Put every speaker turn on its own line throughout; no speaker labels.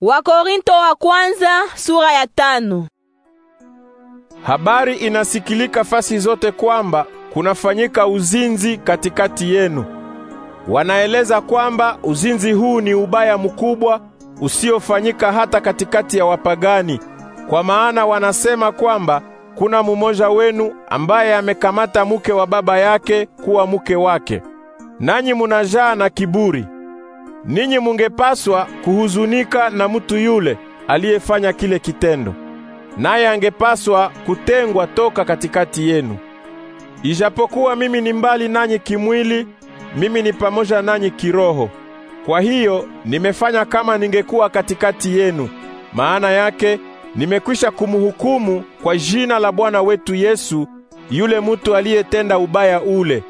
Wakorinto wa kwanza sura ya tano. Habari inasikilika fasi zote kwamba kunafanyika uzinzi katikati yenu. Wanaeleza kwamba uzinzi huu ni ubaya mkubwa usiofanyika hata katikati ya wapagani, kwa maana wanasema kwamba kuna mumoja wenu ambaye amekamata mke wa baba yake kuwa mke wake. Nanyi munajaa na kiburi ninyi mungepaswa kuhuzunika na mtu yule aliyefanya kile kitendo, naye angepaswa kutengwa toka katikati yenu. Ijapokuwa mimi ni mbali nanyi kimwili, mimi ni pamoja nanyi kiroho. Kwa hiyo nimefanya kama ningekuwa katikati yenu. Maana yake nimekwisha kumhukumu kwa jina la Bwana wetu Yesu yule mutu aliyetenda ubaya ule.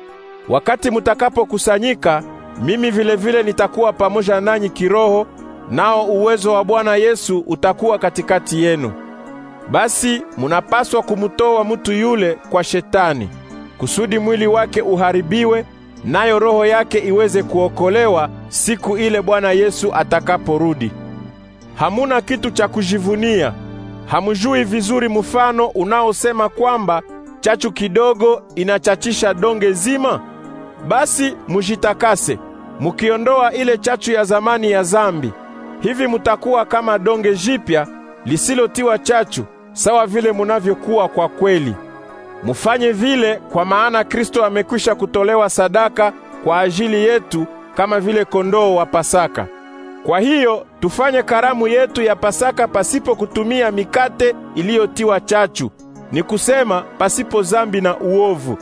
Wakati mutakapokusanyika mimi vilevile vile nitakuwa pamoja nanyi kiroho, nao uwezo wa Bwana Yesu utakuwa katikati yenu. Basi munapaswa kumtoa mtu yule kwa Shetani, kusudi mwili wake uharibiwe, nayo roho yake iweze kuokolewa siku ile Bwana Yesu atakaporudi. Hamuna kitu cha kujivunia. Hamujui vizuri mfano unaosema kwamba chachu kidogo inachachisha donge zima? Basi mujitakase mukiondoa ile chachu ya zamani ya zambi, hivi mutakuwa kama donge jipya lisilotiwa chachu, sawa vile munavyokuwa kwa kweli. Mufanye vile kwa maana Kristo amekwisha kutolewa sadaka kwa ajili yetu kama vile kondoo wa Pasaka. Kwa hiyo tufanye karamu yetu ya Pasaka pasipo kutumia mikate iliyotiwa chachu, ni kusema pasipo zambi na uovu,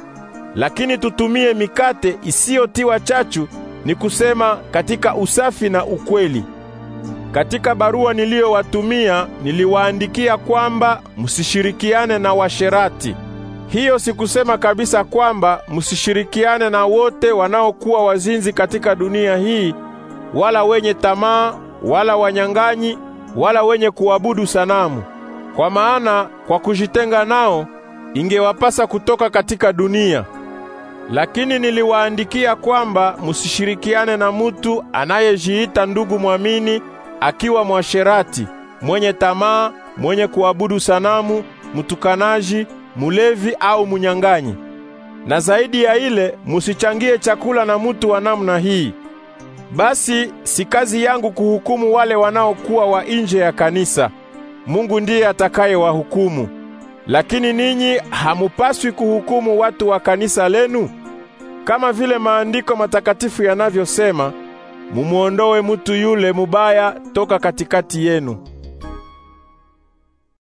lakini tutumie mikate isiyotiwa chachu ni kusema katika usafi na ukweli. Katika barua niliyowatumia niliwaandikia kwamba msishirikiane na washerati. Hiyo sikusema kabisa kwamba msishirikiane na wote wanaokuwa wazinzi katika dunia hii, wala wenye tamaa, wala wanyang'anyi, wala wenye kuabudu sanamu. Kwa maana kwa kujitenga nao ingewapasa kutoka katika dunia. Lakini niliwaandikia kwamba musishirikiane na mutu anayejiita ndugu mwamini, akiwa mwasherati, mwenye tamaa, mwenye kuabudu sanamu, mtukanaji, mulevi au munyang'anyi. Na zaidi ya ile, musichangie chakula na mutu wa namna hii. Basi si kazi yangu kuhukumu wale wanaokuwa wa nje ya kanisa. Mungu ndiye atakayewahukumu. Lakini ninyi hamupaswi kuhukumu watu wa kanisa lenu, kama vile maandiko matakatifu yanavyosema, mumuondoe mutu yule mubaya toka katikati yenu.